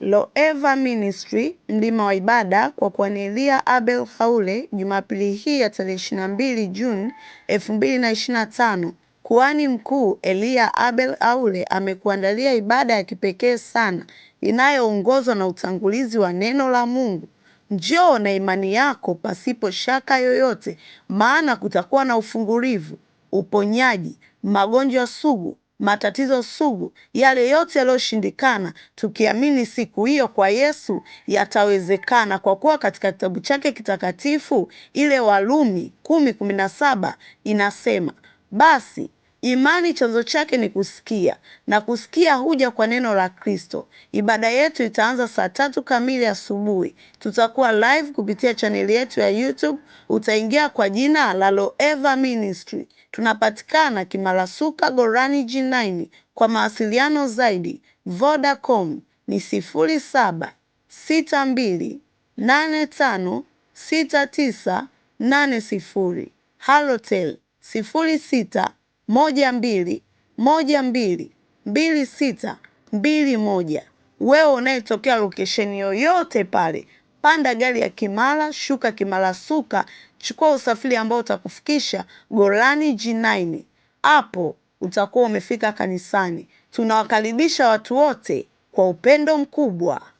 Loeva Ministry Mlima wa Ibada kwa Cornelia Abel Haule Jumapili hii ya tarehe 22 Juni 2025. kuani Mkuu Eliya Abel Haule amekuandalia ibada ya kipekee sana inayoongozwa na utangulizi wa neno la Mungu. Njoo na imani yako pasipo shaka yoyote, maana kutakuwa na ufungulivu, uponyaji, magonjwa sugu matatizo sugu, yale yote yaliyoshindikana, tukiamini siku hiyo kwa Yesu yatawezekana, kwa kuwa katika kitabu chake kitakatifu ile Warumi kumi kumi na saba inasema basi Imani chanzo chake ni kusikia na kusikia huja kwa neno la Kristo. Ibada yetu itaanza saa tatu kamili asubuhi. Tutakuwa live kupitia chaneli yetu ya YouTube. Utaingia kwa jina la Loeva Ministry. Tunapatikana Kimarasuka, Gorani G9. Kwa mawasiliano zaidi, Vodacom ni sifuri saba sita mbili nane tano sita tisa nane sifuri. Halotel sifuri sita moja mbili moja mbili mbili sita mbili moja. Wewe unayetokea lokesheni yoyote pale, panda gari ya Kimara, shuka Kimara Suka, chukua usafiri ambao utakufikisha Golani G9. Hapo utakuwa umefika kanisani. Tunawakaribisha watu wote kwa upendo mkubwa.